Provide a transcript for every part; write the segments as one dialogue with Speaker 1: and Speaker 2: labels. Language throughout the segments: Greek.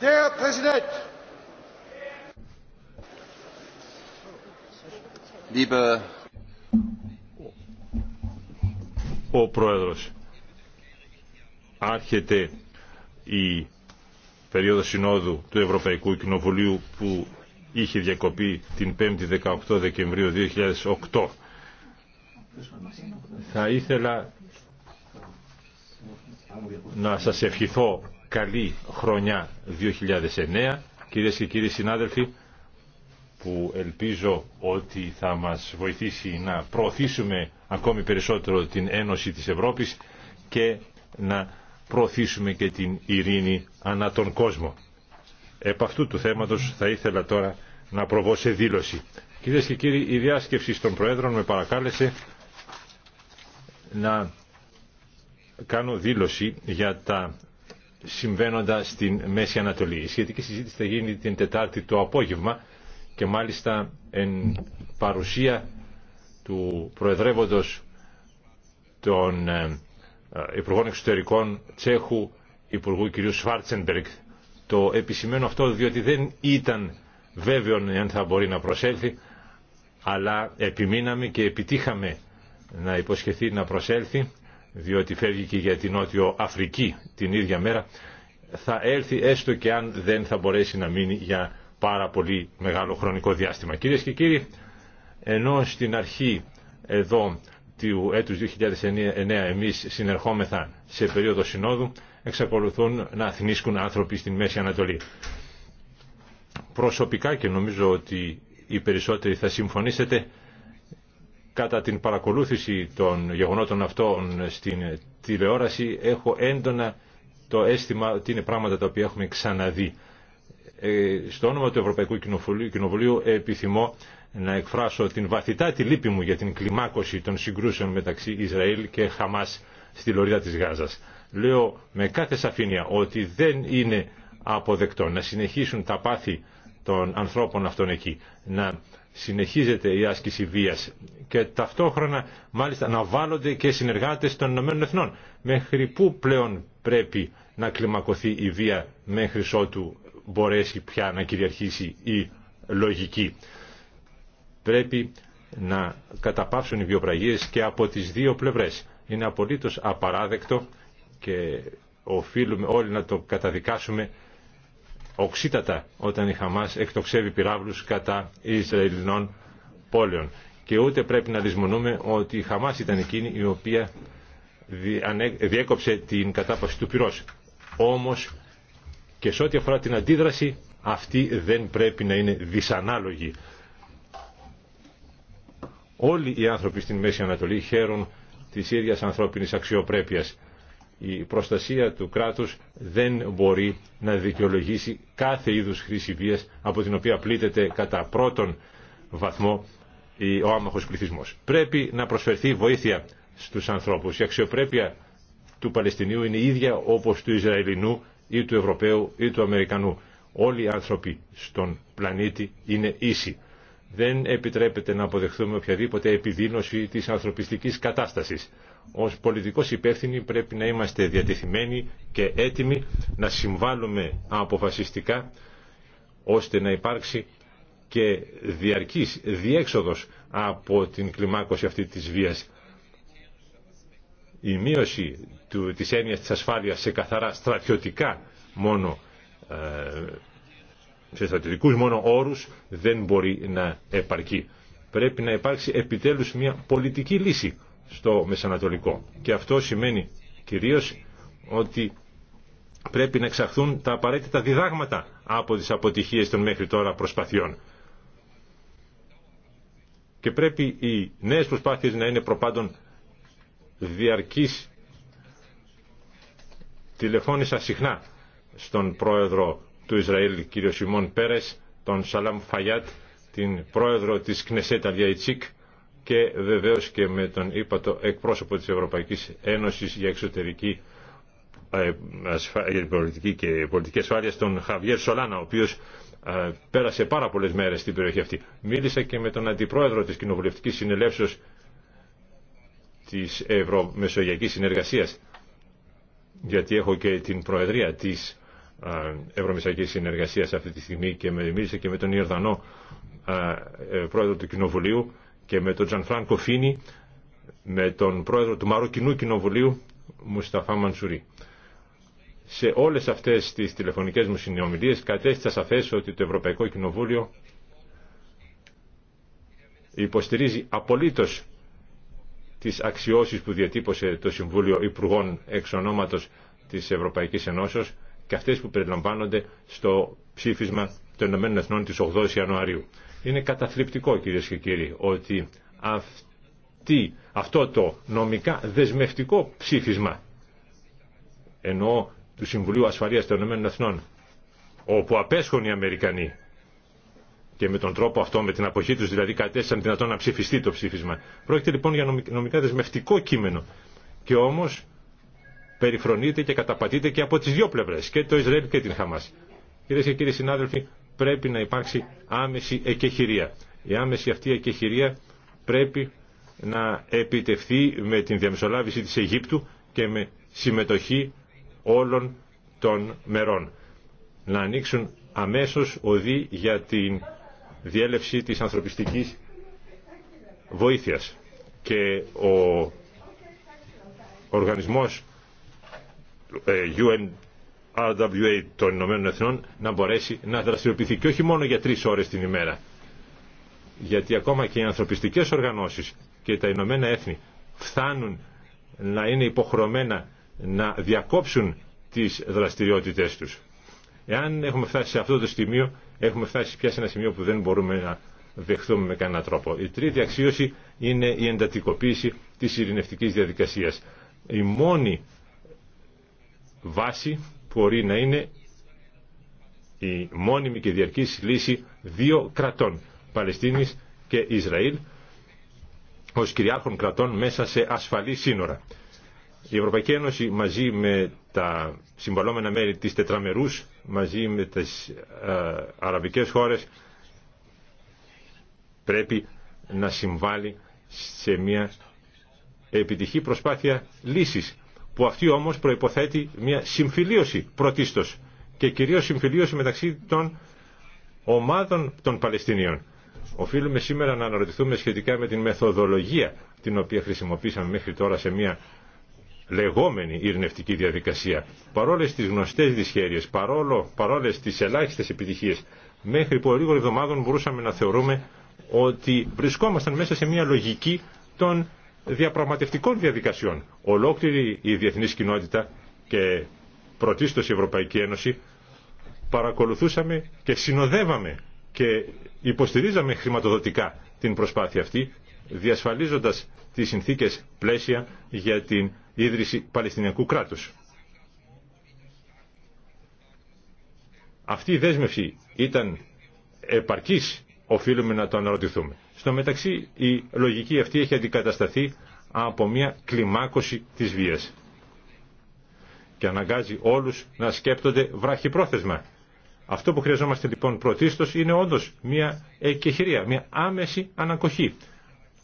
Speaker 1: Der Präsident! ο Πρόεδρος. Άρχεται η περίοδος συνόδου του Ευρωπαϊκού Κοινοβουλίου που είχε διακοπεί την 5η 18 Δεκεμβρίου 2008. Θα ήθελα να σας ευχηθώ καλή χρονιά 2009. Κυρίες και κύριοι συνάδελφοι, που ελπίζω ότι θα μας βοηθήσει να προωθήσουμε ακόμη περισσότερο την Ένωση της Ευρώπης και να προωθήσουμε και την ειρήνη ανά τον κόσμο. Επ' αυτού του θέματος θα ήθελα τώρα να προβώ σε δήλωση. Κυρίε και κύριοι, η διάσκεψη των Προέδρων με παρακάλεσε να κάνω δήλωση για τα συμβαίνοντα στην Μέση Ανατολή. Η σχετική συζήτηση θα γίνει την Τετάρτη το απόγευμα και μάλιστα εν παρουσία του Προεδρεύοντος των ε, Υπουργών Εξωτερικών Τσέχου Υπουργού κ. Σφάρτσενμπεργκ. Το επισημαίνω αυτό διότι δεν ήταν βέβαιο Αν θα μπορεί να προσέλθει αλλά επιμείναμε και επιτύχαμε να υποσχεθεί να προσέλθει διότι φεύγει και για την Νότιο Αφρική την ίδια μέρα, θα έρθει έστω και αν δεν θα μπορέσει να μείνει για πάρα πολύ μεγάλο χρονικό διάστημα. κύριε και κύριοι, ενώ στην αρχή εδώ του έτους 2009 εμείς συνερχόμεθα σε περίοδο συνόδου, εξακολουθούν να θνίσκουν άνθρωποι στην Μέση Ανατολή. Προσωπικά και νομίζω ότι οι περισσότεροι θα συμφωνήσετε, κατά την παρακολούθηση των γεγονότων αυτών στην τηλεόραση έχω έντονα το αίσθημα ότι είναι πράγματα τα οποία έχουμε ξαναδεί. Ε, στο όνομα του Ευρωπαϊκού Κοινοβουλίου, επιθυμώ να εκφράσω την βαθυτά τη λύπη μου για την κλιμάκωση των συγκρούσεων μεταξύ Ισραήλ και Χαμάς στη λωρίδα της Γάζας. Λέω με κάθε σαφήνεια ότι δεν είναι αποδεκτό να συνεχίσουν τα πάθη των ανθρώπων αυτών εκεί, να συνεχίζεται η άσκηση βίας και ταυτόχρονα μάλιστα να βάλλονται και συνεργάτες των Ηνωμένων Εθνών. Μέχρι πού πλέον πρέπει να κλιμακωθεί η βία μέχρι ότου μπορέσει πια να κυριαρχήσει η λογική. Πρέπει να καταπαύσουν οι βιοπραγίες και από τις δύο πλευρές. Είναι απολύτως απαράδεκτο και οφείλουμε όλοι να το καταδικάσουμε οξύτατα όταν η Χαμάς εκτοξεύει πυράβλους κατά Ισραηλινών πόλεων. Και ούτε πρέπει να δυσμονούμε ότι η Χαμάς ήταν εκείνη η οποία διέκοψε την κατάπαυση του πυρός. Όμως και σε ό,τι αφορά την αντίδραση αυτή δεν πρέπει να είναι δυσανάλογη. Όλοι οι άνθρωποι στην Μέση Ανατολή χαίρουν της ίδιας ανθρώπινης αξιοπρέπειας η προστασία του κράτους δεν μπορεί να δικαιολογήσει κάθε είδους χρήση βίας από την οποία πλήττεται κατά πρώτον βαθμό ο άμαχος πληθυσμός. Πρέπει να προσφερθεί βοήθεια στους ανθρώπους. Η αξιοπρέπεια του Παλαιστινίου είναι η ίδια όπως του Ισραηλινού ή του Ευρωπαίου ή του Αμερικανού. Όλοι οι άνθρωποι στον πλανήτη είναι ίσοι. Δεν επιτρέπεται να αποδεχθούμε οποιαδήποτε επιδείνωση της ανθρωπιστικής κατάστασης ως πολιτικός υπεύθυνοι πρέπει να είμαστε διατεθειμένοι και έτοιμοι να συμβάλλουμε αποφασιστικά ώστε να υπάρξει και διαρκής διέξοδος από την κλιμάκωση αυτή της βίας. Η μείωση του, της έννοιας της ασφάλειας σε καθαρά στρατιωτικά μόνο ε, σε στρατιωτικούς μόνο όρους δεν μπορεί να επαρκεί. Πρέπει να υπάρξει επιτέλους μια πολιτική λύση στο Μεσανατολικό. Και αυτό σημαίνει κυρίως ότι πρέπει να εξαχθούν τα απαραίτητα διδάγματα από τις αποτυχίες των μέχρι τώρα προσπαθειών. Και πρέπει οι νέες προσπάθειες να είναι προπάντων διαρκής. Τηλεφώνησα συχνά στον πρόεδρο του Ισραήλ, κύριο Σιμών Πέρες, τον Σαλάμ Φαγιάτ, την πρόεδρο της Κνεσέτα Λιαϊτσίκ και βεβαίως και με τον ύπατο εκπρόσωπο της Ευρωπαϊκής Ένωσης για εξωτερική ε, πολιτική και πολιτική ασφάλεια τον Χαβιέρ Σολάνα, ο οποίος ε, πέρασε πάρα πολλές μέρες στην περιοχή αυτή. Μίλησα και με τον αντιπρόεδρο της Κοινοβουλευτικής Συνελεύσεως της Ευρωμεσογειακής Συνεργασίας, γιατί έχω και την Προεδρία της ε, Ευρωμεσογειακής Συνεργασίας αυτή τη στιγμή και με, μίλησα και με τον Ιερδανό πρόεδρο του Κοινοβουλίου, και με τον Τζανφράνκο Φίνη, με τον πρόεδρο του Μαροκινού Κοινοβουλίου, Μουσταφά Μανσουρί. Σε όλε αυτέ τι τηλεφωνικέ μου συνομιλίε, κατέστησα σαφέ ότι το Ευρωπαϊκό Κοινοβούλιο υποστηρίζει απολύτω τι αξιώσει που διατύπωσε το Συμβούλιο Υπουργών εξ ονόματος της Ευρωπαϊκής Ενώσεως και αυτέ που περιλαμβάνονται στο ψήφισμα των Ηνωμένων Εθνών της 8 Ιανουαρίου. Είναι καταθλιπτικό κυρίε και κύριοι ότι αυτή, αυτό το νομικά δεσμευτικό ψήφισμα ενώ του Συμβουλίου Ασφαλείας των Ηνωμένων Εθνών όπου απέσχουν οι Αμερικανοί και με τον τρόπο αυτό, με την αποχή τους δηλαδή κατέστησαν δυνατόν να ψηφιστεί το ψήφισμα. Πρόκειται λοιπόν για νομικά δεσμευτικό κείμενο και όμως περιφρονείται και καταπατείται και από τις δύο πλευρές, και το Ισραήλ και την Χαμάς. Κυρίε και κύριοι συνάδελφοι, πρέπει να υπάρξει άμεση εκεχηρία. Η άμεση αυτή εκεχηρία πρέπει να επιτευχθεί με την διαμεσολάβηση της Αιγύπτου και με συμμετοχή όλων των μερών. Να ανοίξουν αμέσως οδοί για την διέλευση της ανθρωπιστικής βοήθειας. Και ο οργανισμός ε, UN RWA των Ηνωμένων Εθνών να μπορέσει να δραστηριοποιηθεί και όχι μόνο για τρεις ώρες την ημέρα. Γιατί ακόμα και οι ανθρωπιστικές οργανώσεις και τα Ηνωμένα Έθνη φτάνουν να είναι υποχρεωμένα να διακόψουν τις δραστηριότητες τους. Εάν έχουμε φτάσει σε αυτό το σημείο, έχουμε φτάσει πια σε ένα σημείο που δεν μπορούμε να δεχθούμε με κανένα τρόπο. Η τρίτη αξίωση είναι η εντατικοποίηση της ειρηνευτικής διαδικασίας. Η μόνη βάση μπορεί να είναι η μόνιμη και διαρκής λύση δύο κρατών, Παλαιστίνης και Ισραήλ, ως κυριάρχων κρατών μέσα σε ασφαλή σύνορα. Η Ευρωπαϊκή Ένωση μαζί με τα συμβαλόμενα μέρη της τετραμερούς, μαζί με τις ε, αραβικές χώρες, πρέπει να συμβάλλει σε μια επιτυχή προσπάθεια λύσης που αυτή όμως προϋποθέτει μια συμφιλίωση πρωτίστως και κυρίως συμφιλίωση μεταξύ των ομάδων των Παλαιστινίων. Οφείλουμε σήμερα να αναρωτηθούμε σχετικά με την μεθοδολογία την οποία χρησιμοποίησαμε μέχρι τώρα σε μια λεγόμενη ειρνευτική διαδικασία. Παρόλες τις γνωστές δυσχέρειες, παρόλο, παρόλες τις ελάχιστες επιτυχίες, μέχρι λίγο εβδομάδων μπορούσαμε να θεωρούμε ότι βρισκόμασταν μέσα σε μια λογική των διαπραγματευτικών διαδικασιών. Ολόκληρη η διεθνής κοινότητα και πρωτίστως η Ευρωπαϊκή Ένωση παρακολουθούσαμε και συνοδεύαμε και υποστηρίζαμε χρηματοδοτικά την προσπάθεια αυτή διασφαλίζοντας τις συνθήκες πλαίσια για την ίδρυση Παλαιστινιακού κράτους. Αυτή η δέσμευση ήταν επαρκής, οφείλουμε να το αναρωτηθούμε. Στο μεταξύ η λογική αυτή έχει αντικατασταθεί από μια κλιμάκωση της βίας και αναγκάζει όλους να σκέπτονται πρόθεσμα. Αυτό που χρειαζόμαστε λοιπόν πρωτίστως είναι όντως μια εκεχηρία, μια άμεση ανακοχή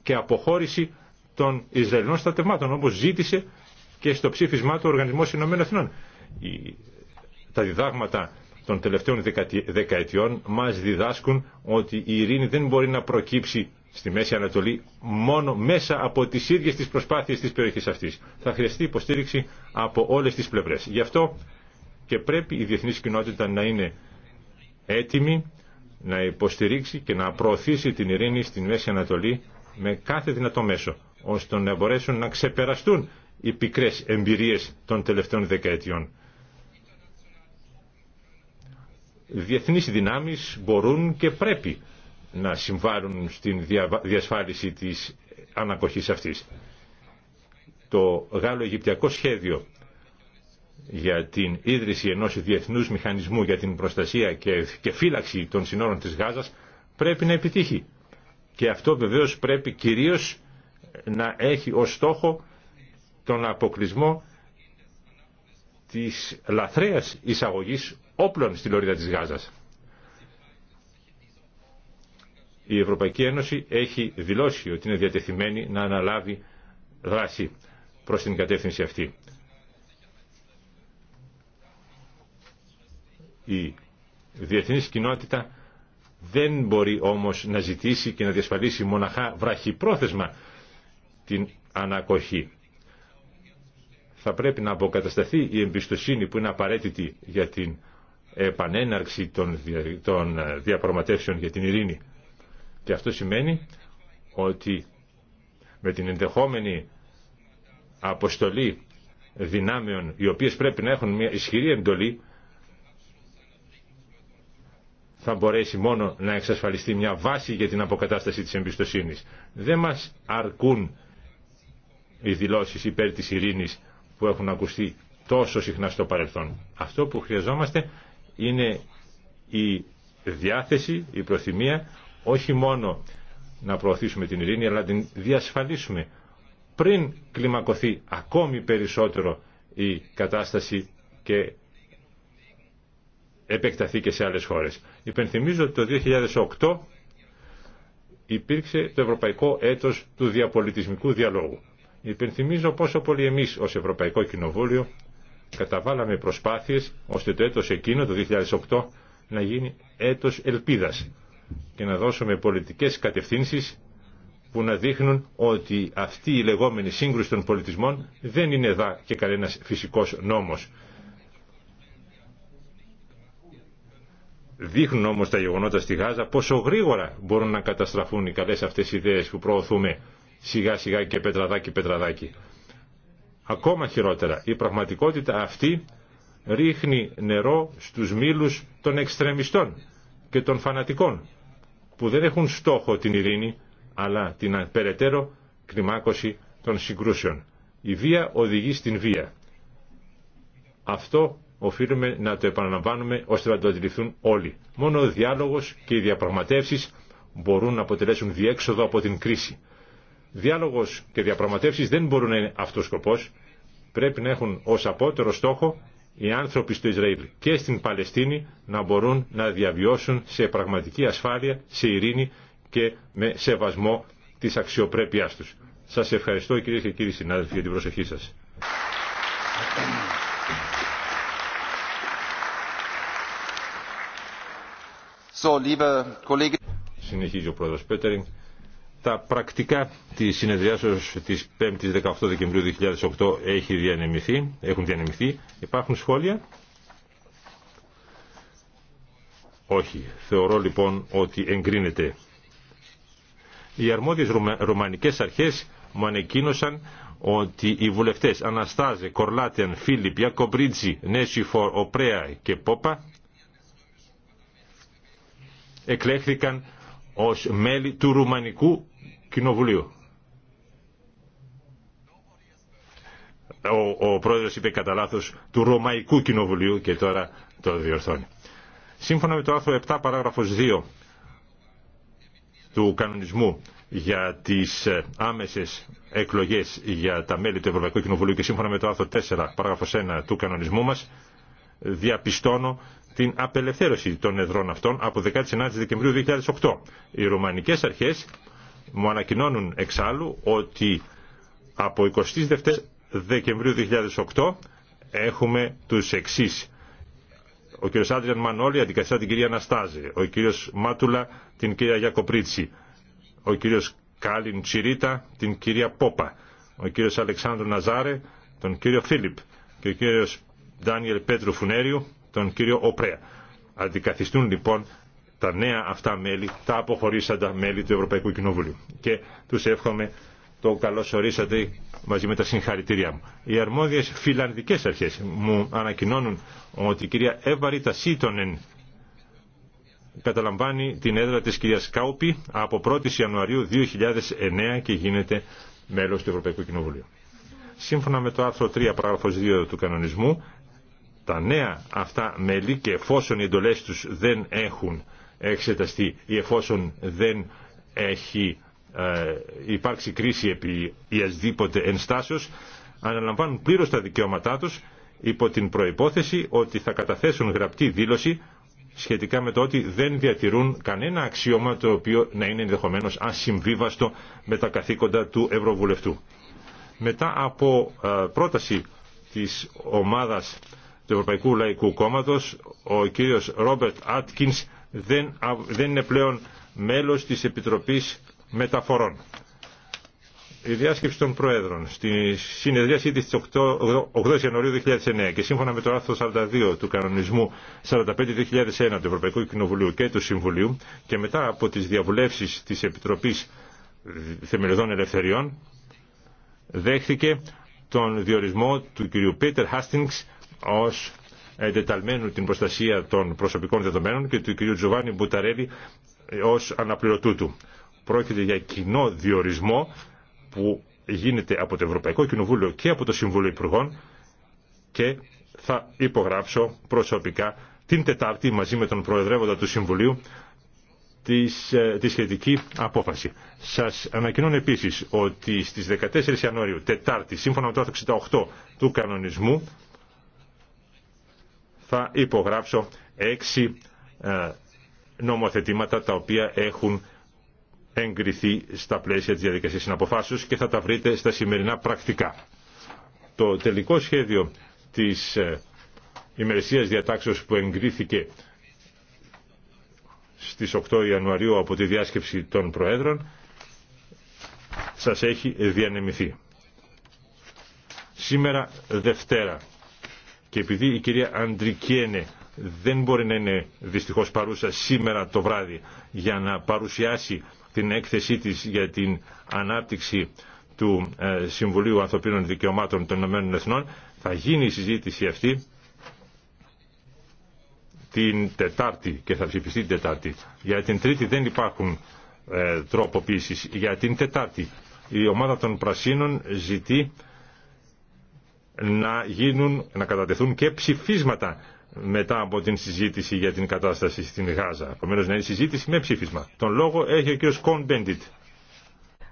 Speaker 1: και αποχώρηση των Ισραηλινών στρατευμάτων όπως ζήτησε και στο ψήφισμά του Οργανισμός Τα διδάγματα των τελευταίων δεκαετιών μας διδάσκουν ότι η ειρήνη δεν μπορεί να προκύψει στη Μέση Ανατολή μόνο μέσα από τις ίδιες τις προσπάθειες της περιοχής αυτής. Θα χρειαστεί υποστήριξη από όλες τις πλευρές. Γι' αυτό και πρέπει η διεθνής κοινότητα να είναι έτοιμη να υποστηρίξει και να προωθήσει την ειρήνη στη Μέση Ανατολή με κάθε δυνατό μέσο, ώστε να μπορέσουν να ξεπεραστούν οι πικρές εμπειρίες των τελευταίων δεκαετιών. διεθνείς δυνάμεις μπορούν και πρέπει να συμβάλλουν στην διασφάλιση της ανακοχής αυτής. Το Γάλλο-Αιγυπτιακό σχέδιο για την ίδρυση ενός διεθνούς μηχανισμού για την προστασία και φύλαξη των συνόρων της Γάζας πρέπει να επιτύχει. Και αυτό βεβαίως πρέπει κυρίως να έχει ως στόχο τον αποκλεισμό της λαθρέας εισαγωγής όπλων στη λωρίδα της Γάζας. Η Ευρωπαϊκή Ένωση έχει δηλώσει ότι είναι διατεθειμένη να αναλάβει δράση προς την κατεύθυνση αυτή. Η διεθνής κοινότητα δεν μπορεί όμως να ζητήσει και να διασφαλίσει μοναχά βραχυπρόθεσμα την ανακοχή. Θα πρέπει να αποκατασταθεί η εμπιστοσύνη που είναι απαραίτητη για την επανέναρξη των, δια, των διαπραγματεύσεων για την ειρήνη. Και αυτό σημαίνει ότι με την ενδεχόμενη αποστολή δυνάμεων οι οποίες πρέπει να έχουν μια ισχυρή εντολή θα μπορέσει μόνο να εξασφαλιστεί μια βάση για την αποκατάσταση της εμπιστοσύνης. Δεν μας αρκούν οι δηλώσεις υπέρ της ειρήνης που έχουν ακουστεί τόσο συχνά στο παρελθόν. Αυτό που χρειαζόμαστε είναι η διάθεση, η προθυμία όχι μόνο να προωθήσουμε την ειρήνη αλλά να την διασφαλίσουμε πριν κλιμακωθεί ακόμη περισσότερο η κατάσταση και επεκταθεί και σε άλλες χώρες. Υπενθυμίζω ότι το 2008 υπήρξε το Ευρωπαϊκό Έτος του Διαπολιτισμικού Διαλόγου. Υπενθυμίζω πόσο πολύ εμείς ως Ευρωπαϊκό Κοινοβούλιο καταβάλαμε προσπάθειες ώστε το έτος εκείνο, το 2008, να γίνει έτος ελπίδας και να δώσουμε πολιτικές κατευθύνσεις που να δείχνουν ότι αυτή η λεγόμενη σύγκρουση των πολιτισμών δεν είναι δά και κανένας φυσικός νόμος. Δείχνουν όμως τα γεγονότα στη Γάζα πόσο γρήγορα μπορούν να καταστραφούν οι καλές αυτές ιδέες που προωθούμε σιγά σιγά και πετραδάκι πετραδάκι. Ακόμα χειρότερα, η πραγματικότητα αυτή ρίχνει νερό στους μήλους των εξτρεμιστών και των φανατικών που δεν έχουν στόχο την ειρήνη αλλά την περαιτέρω κλιμάκωση των συγκρούσεων. Η βία οδηγεί στην βία. Αυτό οφείλουμε να το επαναλαμβάνουμε ώστε να το αντιληφθούν όλοι. Μόνο ο διάλογος και οι διαπραγματεύσεις μπορούν να αποτελέσουν διέξοδο από την κρίση. Διάλογος και διαπραγματεύσεις δεν μπορούν να είναι αυτός σκοπός πρέπει να έχουν ως απότερο στόχο οι άνθρωποι στο Ισραήλ και στην Παλαιστίνη να μπορούν να διαβιώσουν σε πραγματική ασφάλεια, σε ειρήνη και με σεβασμό της αξιοπρέπειάς τους. Σας ευχαριστώ κυρίε και κύριοι συνάδελφοι για την προσοχή σας. So, liebe Συνεχίζει ο τα πρακτικά της συνεδρίασης της 5ης 18 Δεκεμβρίου 2008 έχει διανεμηθεί, έχουν διανεμηθεί. Υπάρχουν σχόλια. Όχι. Θεωρώ λοιπόν ότι εγκρίνεται. Οι αρμόδιες Ρουμα... ρουμανικές αρχές μου ανακοίνωσαν ότι οι βουλευτές Αναστάζε, Κορλάτιαν, Φίλιπ, Ιακομπρίτζη, Νέσιφορ, Οπρέα και Πόπα εκλέχθηκαν ως μέλη του Ρουμανικού Κοινοβουλίου. Ο, ο πρόεδρος είπε κατά λάθο του Ρωμαϊκού Κοινοβουλίου και τώρα το διορθώνει. Σύμφωνα με το άρθρο 7 παράγραφος 2 του κανονισμού για τις ε, άμεσες εκλογές για τα μέλη του Ευρωπαϊκού Κοινοβουλίου και σύμφωνα με το άρθρο 4 παράγραφος 1 του κανονισμού μας διαπιστώνω την απελευθέρωση των εδρών αυτών από 19 Δεκεμβρίου 2008. Οι ρουμανικές αρχές μου ανακοινώνουν εξάλλου ότι από 22 Δεκεμβρίου 2008 έχουμε τους εξής. Ο κύριος Άντριαν Μανώλη αντικαθιστά την κυρία Αναστάζη, ο κύριος Μάτουλα την κυρία Γιακοπρίτσι, ο κύριος Κάλιν Τσιρίτα την κυρία Πόπα, ο κύριος Αλεξάνδρου Ναζάρε τον κύριο Φίλιπ και ο κύριος Ντάνιελ Πέτρου Φουνέριου τον κύριο Οπρέα. Αντικαθιστούν λοιπόν τα νέα αυτά μέλη, τα αποχωρήσαντα μέλη του Ευρωπαϊκού Κοινοβουλίου. Και τους εύχομαι το καλώς ορίσατε μαζί με τα συγχαρητήριά μου. Οι αρμόδιες φιλανδικές αρχές μου ανακοινώνουν ότι η κυρία Ριτα Σίτονεν καταλαμβάνει την έδρα της κυρίας Κάουπη από 1η Ιανουαρίου 2009 και γίνεται μέλος του Ευρωπαϊκού Κοινοβουλίου. Σύμφωνα με το άρθρο 3 παράγραφος 2 του κανονισμού, τα νέα αυτά μέλη και εφόσον οι εντολές τους δεν έχουν εξεταστεί ή εφόσον δεν έχει ε, υπάρξει κρίση επί ιασδήποτε ενστάσεως, αναλαμβάνουν πλήρως τα δικαιώματά τους υπό την προϋπόθεση ότι θα καταθέσουν γραπτή δήλωση σχετικά με το ότι δεν διατηρούν κανένα αξίωμα το οποίο να είναι ενδεχομένω ασυμβίβαστο με τα καθήκοντα του Ευρωβουλευτού. Μετά από ε, πρόταση της ομάδας του Ευρωπαϊκού Λαϊκού Κόμματος, ο κύριος Ρόμπερτ Άτκινς δεν, δεν είναι πλέον μέλος της Επιτροπής Μεταφορών. Η διάσκεψη των Προέδρων στη συνεδρίασή της 8 Ιανουαρίου 2009 και σύμφωνα με το άρθρο 42 του κανονισμού 45-2001 του Ευρωπαϊκού Κοινοβουλίου και του Συμβουλίου και μετά από τις διαβουλεύσεις της Επιτροπής Θεμελιωδών Ελευθεριών δέχθηκε τον διορισμό του κ. Πίτερ Χάστινγκς ως εντεταλμένου την προστασία των προσωπικών δεδομένων και του κ. Τζοβάνι Μπουταρέλη ως αναπληρωτού του. Πρόκειται για κοινό διορισμό που γίνεται από το Ευρωπαϊκό Κοινοβούλιο και από το Συμβούλιο Υπουργών και θα υπογράψω προσωπικά την Τετάρτη μαζί με τον Προεδρεύοντα του Συμβουλίου της, ε, τη σχετική απόφαση. Σας ανακοινώνω επίσης ότι στις 14 Ιανουαρίου, Τετάρτη, σύμφωνα με το άρθρο 68 του κανονισμού, θα υπογράψω έξι ε, νομοθετήματα τα οποία έχουν εγκριθεί στα πλαίσια της διαδικασίας συναποφάσεως και θα τα βρείτε στα σημερινά πρακτικά. Το τελικό σχέδιο της ε, ημερησίας διατάξεως που εγκρίθηκε στις 8 Ιανουαρίου από τη διάσκεψη των Προέδρων σας έχει διανεμηθεί. Σήμερα Δευτέρα και επειδή η κυρία Αντρικένε δεν μπορεί να είναι δυστυχώς παρούσα σήμερα το βράδυ για να παρουσιάσει την έκθεσή της για την ανάπτυξη του ε, Συμβουλίου Ανθρωπίνων Δικαιωμάτων των Ηνωμένων Εθνών θα γίνει η συζήτηση αυτή την Τετάρτη και θα ψηφιστεί την Τετάρτη. Για την Τρίτη δεν υπάρχουν ε, τροποποίησεις. Για την Τετάρτη η ομάδα των Πρασίνων ζητεί να, γίνουν, να κατατεθούν και ψηφίσματα μετά από την συζήτηση για την κατάσταση στην Γάζα. Επομένω να είναι συζήτηση με ψήφισμα. Τον λόγο έχει ο κ. Κον Μπέντιτ.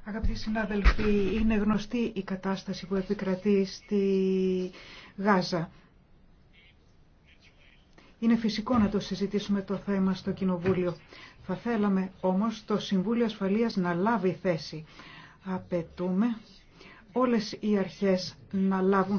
Speaker 1: Αγαπητοί συνάδελφοι, είναι γνωστή η κατάσταση που επικρατεί στη Γάζα. Είναι φυσικό να το συζητήσουμε το θέμα στο Κοινοβούλιο. Θα θέλαμε όμως το Συμβούλιο Ασφαλείας να λάβει θέση. Απαιτούμε όλες οι αρχές να λάβουν